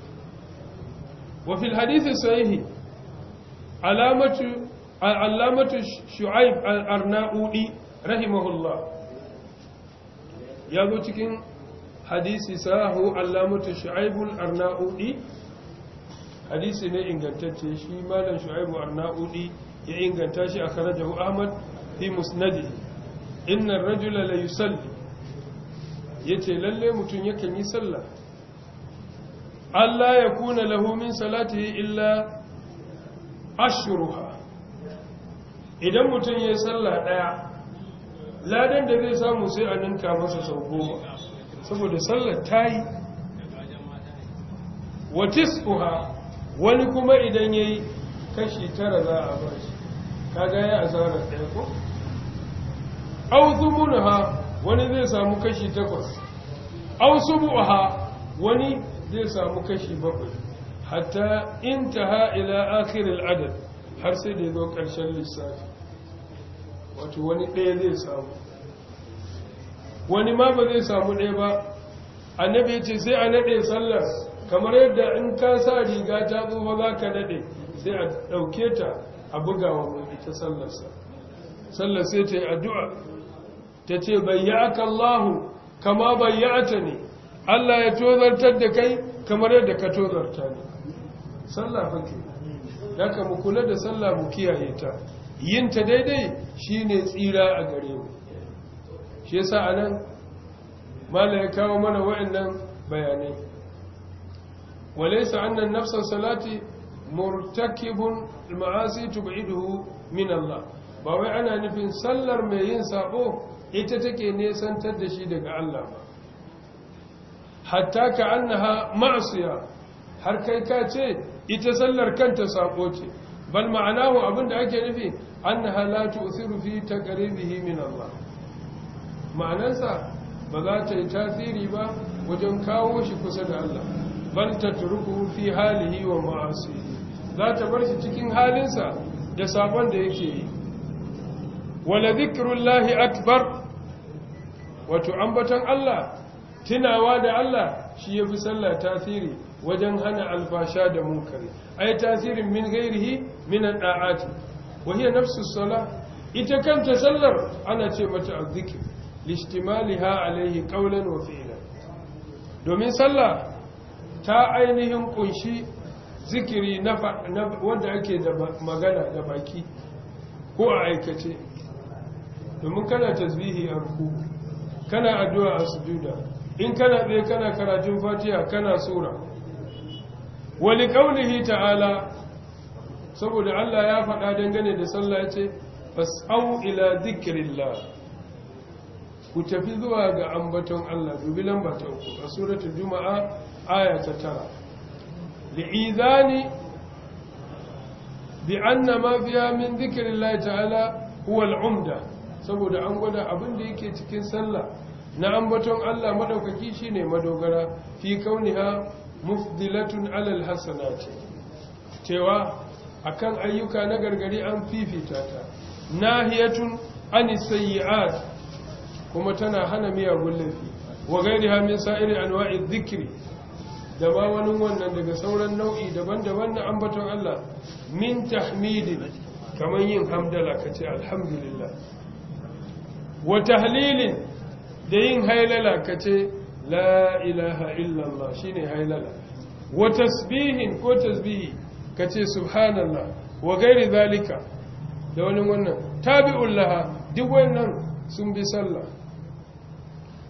وفي الحديث الصحيح علامة علامة شعيب الأرناؤي رحمه الله يقول تكين حديث ساه علامة شعيب الأرناؤي hadisi ne ingantacce shi malam shu'aibu arnaudi ya inganta shi a kharajahu ahmad fi musnadi inna ar-rajula la yusalli yace lalle mutum yakan yi sallah Allah ya kuna lahu min salatihi illa ashruha idan mutum ya sallah daya ladan da zai samu sai a ninka masa sau goma saboda sallar yi. wa tis'uha wani kuma idan yayi kashi tara za a ba shi kaga ya azara ɗaya ko au zumunha wani zai samu kashi takwas au subuha wani zai samu kashi bakwai hatta intaha ila akhiril adad har sai da zo karshen lissafi wato wani ɗaya zai samu wani ma ba zai samu ɗaya ba annabi ce sai a naɗe sallar kamar yadda in ka sa riga ta tsufa za ka naɗe sai a ɗauke ta a bugawa mai ita sallarsa sallar sai ta yi addu'a ta ce bayyaka Allahu kama bayyata ne Allah ya tozartar da kai kamar yadda ka tozarta ne sallah fake ka mu kula da sallah mu kiyaye ta yin ta daidai shine tsira a gare mu shi yasa anan mala ya kawo mana wa'annan bayanai walaysa annan nafsan salati murtakibun ma'asi tub'iduhu min Allah ba wai ana nufin sallar mai yin sabo ita take nesantar da shi daga Allah ba hatta ka annaha ma'asiya har kai ka ce ita sallar kanta sako ce bal ma'ana abin da ake nufi annaha la ta ƙare bihi min Allah ma'anansa ba za ta yi tasiri ba wajen kawo shi kusa da Allah bal tatruku fi halihi wa ma'asi za ta bar shi cikin halinsa da sabon da yake yi wala lahi akbar wato ambaton Allah tunawa da Allah shi ya fi sallah tasiri wajen hana alfasha da munkari ai tasirin min gairihi min da'ati wa hiya nafsu salah ita kanta sallar ana ce mata azzikr lishtimaliha alaihi qawlan wa fi'lan domin sallah ta ainihin kunshi zikiri na wanda ake da magana da baki ko a aikace domin kana tasbihi a ruku kana addu'a a sujuda in kana ɗaya kana karatun fatiha kana sura wani ƙaunihi ta'ala saboda Allah ya faɗa dangane da sallah ya ce fas'au ila zikirillah ku tafi zuwa ga ambaton Allah dubi lambatan ku, a suratul juma'a aya ta tara li'izani bi anna ma fiya min zikirillah ta'ala huwa al'umda saboda an gwada abin da yake cikin sallah na ambaton Allah shi ne madogara fi kauniha mufdilatun alal hasanati cewa akan ayyuka na gargari an fifita ta nahiyatun anis sayyi'at kuma tana hana miya laifi wa gairi min sa'iri anwa'i zikiri da ba wani wannan daga sauran nau'i daban-daban na ambaton Allah min tahmidin kamar yin hamdala kace alhamdulillah wa tahlilin da yin hailala ka ce la ilaha illallah ne hailala wa tasbihin ko tasbihi ka ce subhanallah wa gairi zalika da wani wannan tabi'un ullaha, duk wannan sun bi sallah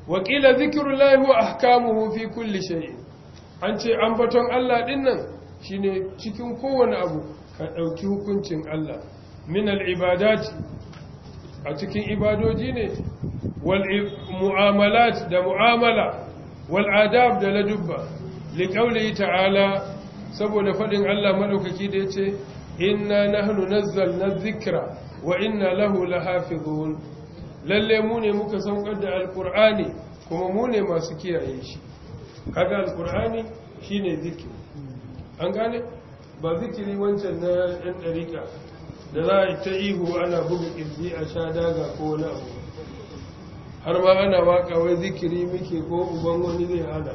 wa qila zikrullahi wa ahkamuhu fi kulli shay'in an ce ambaton Allah din nan shine cikin kowane abu ka ɗauki hukuncin Allah min al-ibadati a cikin ibadoji ne wal mu'amalat da mu'amala wal adab da ladubba li ta'ala saboda faɗin Allah madaukaki da ce inna nahnu nazzalna dhikra wa inna lahu lahafizun lalle mu ne muka saukar da alƙur'ani kuma mu ne masu kiyaye shi kaga shi shine zikiri an gane ba zikiri wancan na yan ɗarika da za a ta ihu ana bugu ƙirji a sha daga ko wani abu har ma ana waka wai zikiri muke ko uban wani zai hana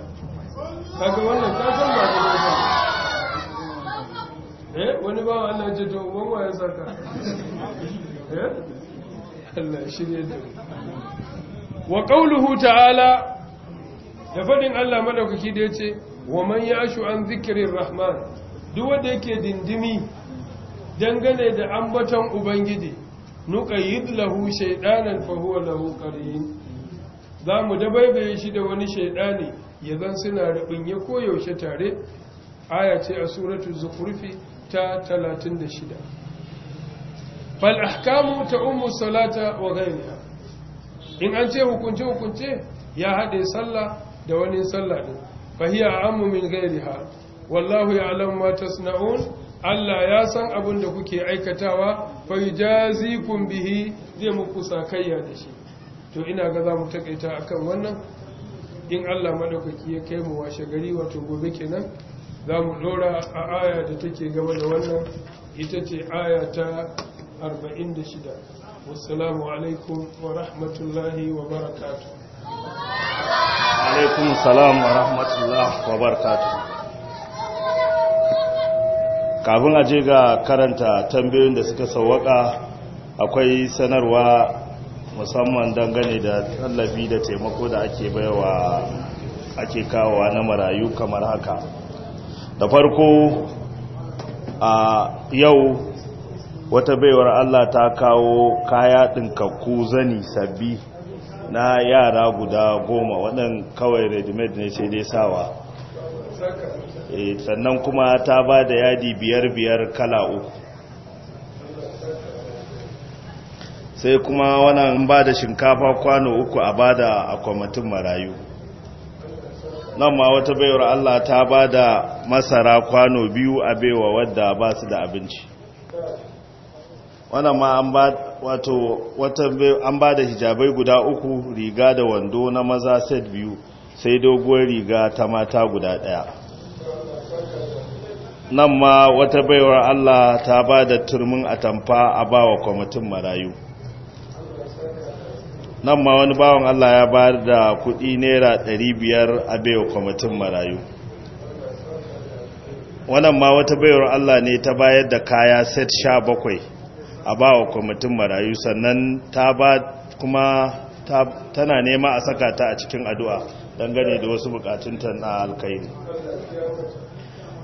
haka wannan kasan ba ta nasa eh wani ba wa Allah ce to uban wa ya saka eh Allah shirye da wa qauluhu ta'ala da fadin Allah madaukaki da yace wa man ya'shu an zikrir rahman duk wanda yake dindimi dangane da ambaton ubangiji yi lahu shaidanan fahuwa lahu qarin za mu dabaibaye shi da wani ya zan suna rabin ya koyaushe tare aya ce a suratu zukurfi ta 36 fal ahkamu umu salata wa gaiya in an ce hukunce hukunce ya haɗe sallah da wani sallah ɗin fahiyar amumin gairi ha wallahu wallahu ya'lamu ma tasna'un Allah ya san abin da kuke aikatawa kun bihi zai muku sakayya da shi to ina ga za mu takaita akan wannan in Allah maɗaukaki ya kai mu washe gari wato gobe kenan za mu ɗora a aya da take gaba da wannan ita ce aya ta 46 wassalamu alaikum wa rahmatullahi wa barakatu alaikum salam wa rahmatullahi wa barakatu kafin a je ga karanta tambayoyin da suka sauwaka akwai sanarwa musamman dangane da tallafi da taimako da ake baiwa ake kawowa na marayu kamar haka da farko a yau wata baiwar Allah ta kawo kaya ɗinkakku zani sabbi na yara guda goma waɗanda kawai redimed ne sai dai sawa Eh, sannan kuma ta ba da yadi biyar-biyar kala uku sai kuma wannan ba da shinkafa kwano uku a ba da akwamatin marayu nan ma wata baiwar Allah ta ba da masara kwano biyu a baiwa wadda ba su da abinci wannan ma an ba an ba da hijabai guda uku riga da wando na maza set biyu sai doguwar riga ta mata guda ɗaya nan ma wata baiwar Allah ta ba da turmin atamfa a ba wa kwamitin marayu nan ma wani bawan Allah ya ba da kudi naira 500 a baiwa kwamitin marayu wannan ma wata baiwar Allah ne ta bayar da kaya set 17 a ba wa kwamitin marayu sannan ta ba kuma tana nema a saka ta a cikin addu'a dangane da wasu ta na alkairi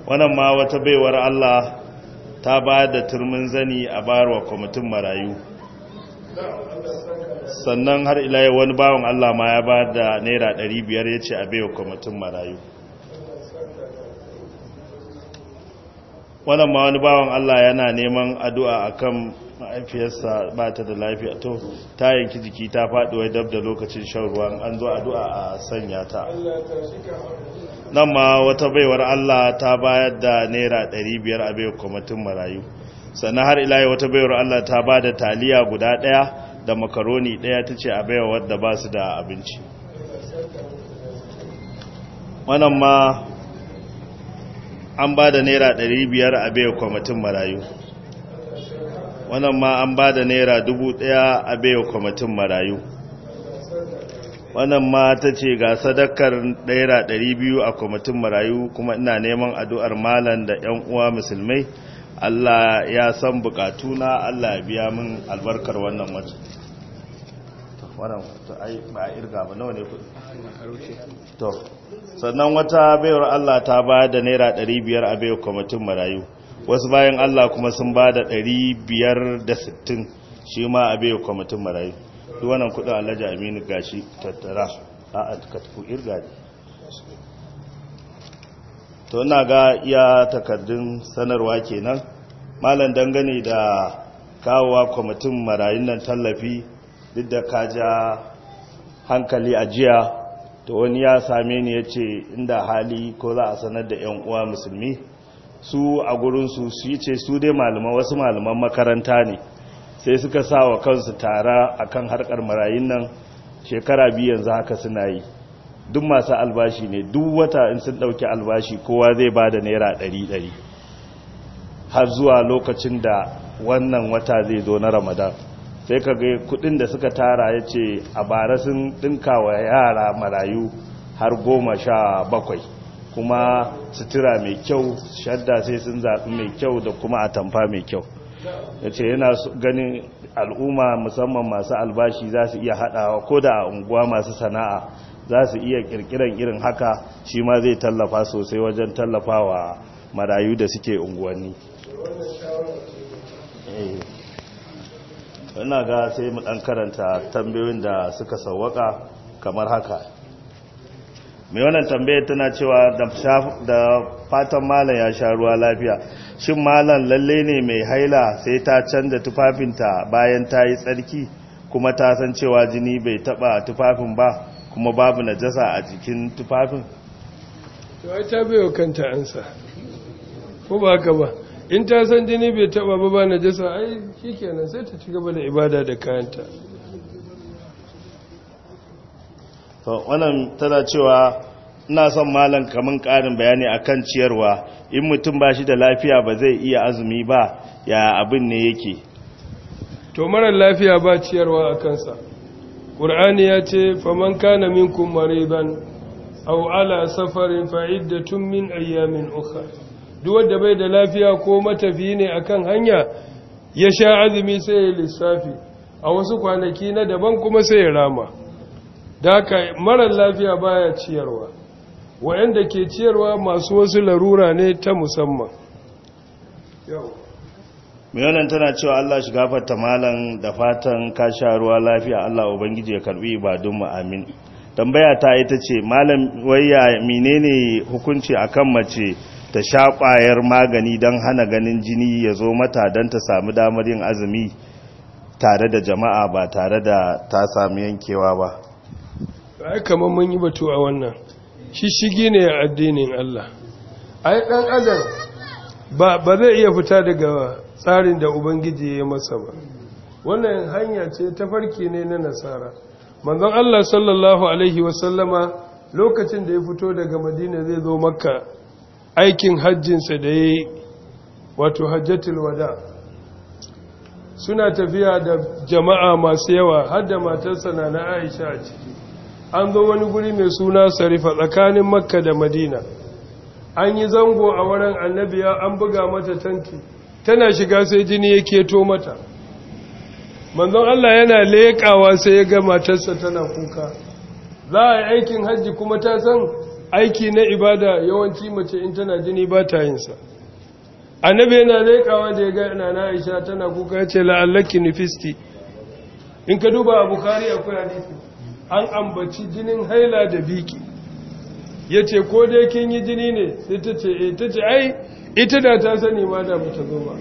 wannan ma wata baiwar Allah ta ba da turmin zani a barwa kwamitin marayu sannan har ilaye wani bawan Allah ma ya ba da naira 500 ya ce a baiwa kwamitin marayu wannan ma wani bawan Allah yana neman addu'a akan mahaifiyarsa ba ta da lafiya to ta yanki jiki ta faɗi wai dab da lokacin shan ruwa an zo addu'a a sanya ta nan ma wata baiwar Allah ta bayar da naira 500 a bai kwamitin marayu sannan har ila wata baiwar Allah ta ba da taliya guda ɗaya da makaroni ɗaya ta ce a baiwa wadda ba su da abinci wannan ma an ba da naira 500 a bai kwamitin marayu wannan ma an ba da naira dubu daya a baiwa kwamitin marayu wannan ma ta ce ga sadakar naira ɗari biyu a kwamitin marayu kuma ina neman addu'ar malam da 'yan uwa musulmai allah ya san bukatuna allah ya biya min albarkar wannan wata sannan wata bayar allah ta ba da naira ɗari biyar a baiwa kwamitin marayu wasu bayan Allah kuma sun ba da 560 shi ma a bai kwamitin marayu duk wannan kudin alhaji aminu gashi tattara a katku irga ne. to ina ga iya takardun sanarwa kenan malam dangane da kawowa kwamitin marayun nan tallafi duk da ka ja hankali a jiya to wani ya same ni ya ce inda hali ko za a sanar da 'yan uwa musulmi su a gurinsu su yi ce su dai malaman wasu malaman makaranta ne sai suka sa wa kansu tara a kan harkar marayun nan shekara biyu yanzu haka suna yi duk masu albashi ne duk wata in sun ɗauki albashi kowa zai ba da naira ɗari-ɗari har zuwa lokacin da wannan wata zai zo na ramadan sai ka ga kudin da suka tara ya ce a bara sun ɗinka wa yara marayu har goma sha bakwai kuma sutura mai kyau shadda sai sun zaɓi mai kyau da kuma atamfa mai kyau ya ce yana ganin al'umma musamman masu albashi za su iya haɗawa ko da a unguwa masu sana'a za su iya ƙirƙiran irin haka shi ma zai tallafa sosai wajen tallafawa marayu da suke unguwanni eh, ina ga sai mu ɗan karanta tambayoyin da suka sauwaka kamar haka mai wannan tambayar tana cewa da fatan malam ya sha ruwa lafiya shin malam lalle ne mai haila sai ta canza tufafinta bayan ta yi tsarki kuma ta san cewa jini bai taba tufafin ba kuma babu na jasa a jikin tufafin ta bai wa kanta ansa ko ba haka ba in ta san jini bai taba ba ba na jasa ai kenan sai ta ci gaba da ibada da kayanta to wannan tana cewa ina son malam kaman karin bayani akan ciyarwa in mutum ba shi da lafiya ba zai iya azumi ba ya abin ne yake to marar lafiya ba ciyarwa a kansa ƙur'ani ya ce faman kana minkum mariban aw ala safarin fa'iddatun min ayyamin ukhra duk wanda bai da lafiya ko matafi ne akan hanya ya sha azumi sai ya lissafi a wasu kwanaki na daban kuma sai ya rama daka Mara lafiya baya ciyarwa wa'anda ke ciyarwa masu wasu larura ne ta musamman miyonan tana cewa Allah shi gafarta malan da fatan ka sha ruwa lafiya Allah ubangiji ya karbi ibadunmu amin tambaya ta ita ce malam waya menene hukunci akan mace ta sha ƙwayar magani don hana ganin jini ya zo mata don ta sami damar yin azumi tare da jama'a ba tare da ta samu yankewa ba ai kamar mun yi batu a wannan shishigi ne a addinin Allah ai dan adam ba ba zai iya fita daga tsarin da ubangiji ya masa ba wannan hanya ce ta farki ne na nasara manzon Allah sallallahu alaihi wasallama lokacin da ya fito daga madina zai zo makka aikin hajjinsa da ya wato hajjatul wada suna tafiya da jama'a masu yawa har da matarsa na na aisha a ciki an zo wani guri mai suna sarifa tsakanin makka da madina an yi zango a wurin annabiya an buga mata tanti tana shiga sai jini ya keto mata manzon Allah yana leƙawa sai ya ga matarsa tana kuka za a yi aikin hajji kuma ta san aiki na ibada yawanci mace in tana jini ba ta yinsa annabi yana leƙawa da ya ga na aisha tana kuka ya ce la'allaki nifisti in ka duba a bukari akwai hadisi an ambaci jinin haila da biki ya ce ko dai kin yi jini ne sai ta ce e ta ce ai ita da ta sani ma da bata zo ba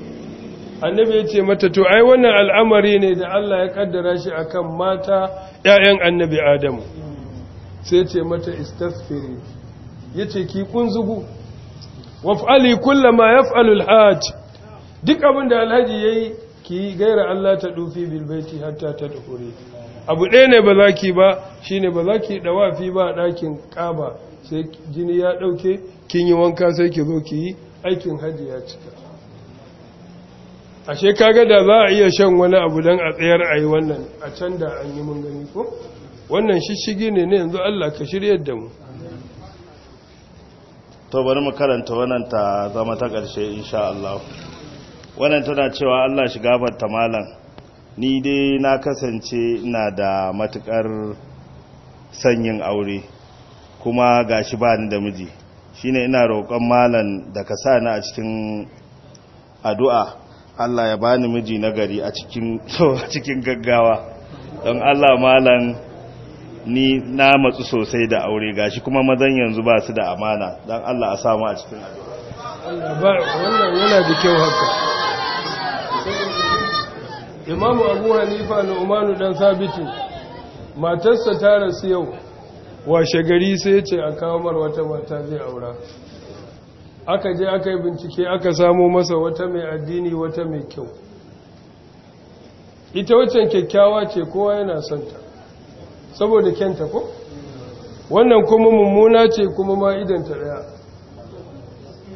annabi ya ce mata to ai wannan al'amari ne da Allah ya kaddara shi akan mata ƴaƴan annabi Adamu sai ya ce mata istaghfiri ce ki kunzugu waf'ali kullama yaf'alu al haj duk abin da alhaji yayi ki gaira Allah ta dufi bil hatta ta dukure abu ɗaya ne ba za ki ba shi ne ba za ki ɗawafi ba a ɗakin ƙaba sai jini ya ɗauke kin yi wanka sai ki zo ki yi aikin hajji ya cika ashe kaga da za a iya shan wani abu don a tsayar a yi wannan a can da an yi mun ko wannan shishigi ne ne yanzu allah ka shiryar da mu to bari mu karanta wannan ta zama ta ƙarshe insha allah wannan tana cewa allah shiga bata malam ni dai na kasance ina da matukar sanyin aure kuma shi ba ni da miji shine ina roƙon malam da ka sa ni a cikin addu'a Allah ya bani miji nagari a cikin a cikin gaggawa don Allah malam ni na matsu sosai da aure gashi kuma mazan yanzu ba su da amana don Allah a samu a cikin addu'a Allah ba wannan yana da kyau haka imamu abu hanifa na umaru dan Sabitin, matarsa ta rasu yau washe gari sai ce a kamar wata mata zai aura aka je aka yi bincike aka samo masa wata mai addini wata mai kyau ita waccan kyakkyawa ce kowa yana santa saboda kenta ko wannan kuma mummuna ce kuma ma idanta daya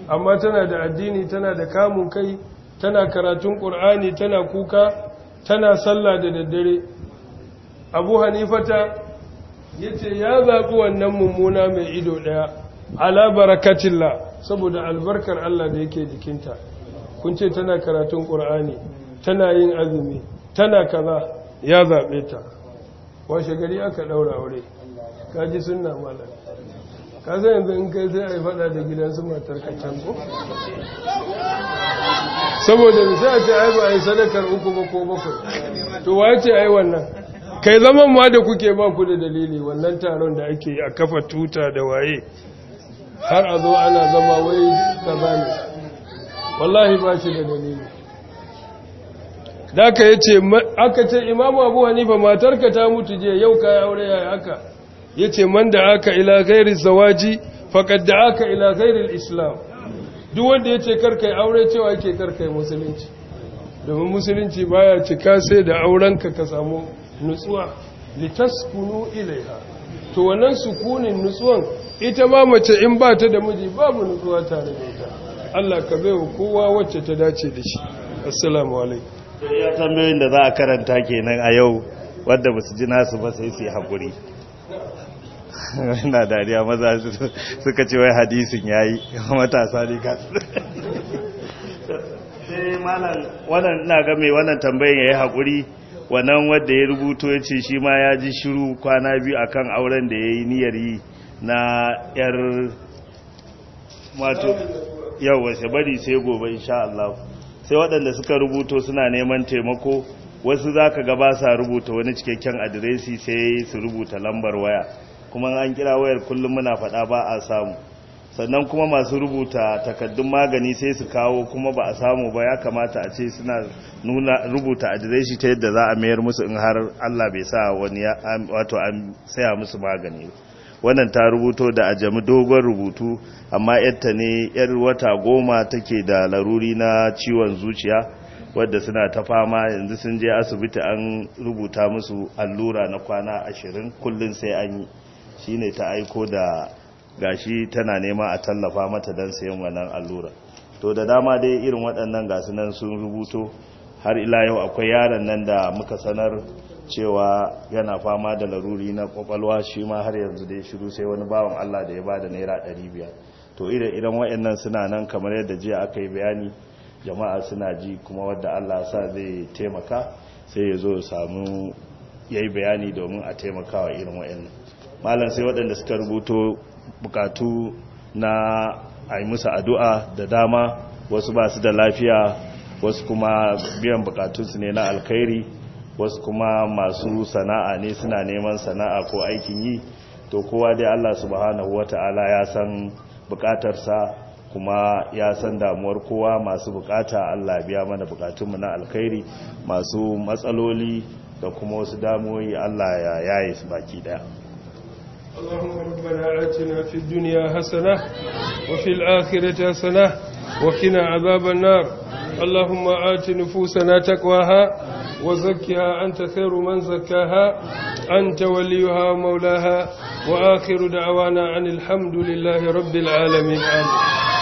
amma tana da addini tana da kamun kai tana karatun ƙur'ani tana kuka tana sallah da daddare abu hanifata ya ce ya zaɓi wannan mummuna mai ido ɗaya ala barakatilla saboda albarkar Allah da yake jikinta kun ce tana karatun ƙura'ani tana yin azumi tana kaza ya zaɓe ta washe gari aka ɗaura wuri kaji suna malar ka sai yanzu in kai sai a yi faɗa da gidansu matar kacan ko saboda a ce ai ba a yi sadakar uku ba ko bakwai to waye ce ai wannan kai zaman ma da kuke ba ku da dalili wannan taron da ake yi a kafa tuta da waye har a zo ana zama wai kaza ne wallahi ba shi da dalili da aka ce aka ce imamu abu hanifa matarka ta mutu je yau ka aure ya haka ya ce man da aka ila gairi zawaji fakadda aka ila gairi islam duk wanda ya ce karkai aure cewa yake karkai musulunci domin musulunci baya cika sai da aurenka ka samu nutsuwa litaskunu ilaiha to wannan sukunin nutsuwan ita ma mace in ba ta da miji babu nutsuwa tare da ita Allah ka baiwa kowa wacce ta dace da shi assalamu alaikum ya tambayoyin da za a karanta kenan a yau wanda ba su ji nasu ba sai su yi haƙuri na dariya maza suka ce wai hadisin ya yi matasa ne kasu wannan ga mai wannan tambayin ya yi haƙuri wannan wadda ya rubuto ya ce shi ma ya ji shiru kwana biyu a kan auren da ya yi niyyar yi na yar mato yau wasu bari sai gobe insha Allah sai waɗanda suka rubuto suna neman taimako wasu za ka gaba sa rubuta wani cikakken adiresi sai su rubuta lambar waya kuma an kira wayar kullum muna faɗa ba a samu sannan kuma masu rubuta takaddun magani sai su kawo kuma ba a samu ba ya kamata a ce suna nuna rubuta adireshi ta yadda za a mayar musu in har Allah bai sa wani wato an saya musu magani wannan ta rubuto da ajami dogon rubutu amma yadda ne yar wata goma take da laruri na ciwon zuciya wadda suna ta fama yanzu sun je asibiti an rubuta musu allura na kwana ashirin kullum sai an yi shi ne ta aiko da gashi tana nema a tallafa mata don sayan wannan allura to da dama dai irin waɗannan gasu nan sun rubuto har ila yau akwai yaron nan da muka sanar cewa yana fama da laruri na kwakwalwa shi ma har yanzu dai shiru sai wani bawan Allah da ya ba da naira biyar to idan idan waɗannan suna nan kamar yadda jiya aka yi bayani jama'a suna ji kuma wadda Allah sa zai taimaka sai ya zo ya samu bayani domin a taimakawa irin waɗannan malam sai waɗanda suka rubuto bukatu na a yi addu'a da dama wasu ba su da lafiya wasu kuma biyan bukatunsu ne na alkhairi wasu kuma masu sana'a ne suna neman sana'a ko aikin yi to kowa dai Allah subhanahu wata'ala ya san bukatarsa kuma ya san damuwar kowa masu bukata Allah biya mana bukatunmu na alkhairi masu matsaloli da kuma wasu damuwoyi Allah ya yaye su baki daya اللهم ربنا آتنا في الدنيا حسنة وفي الآخرة حسنة وقنا عذاب النار اللهم آت نفوسنا تقواها وزكها أنت خير من زكاها أنت وليها ومولاها وآخر دعوانا عن الحمد لله رب العالمين آمين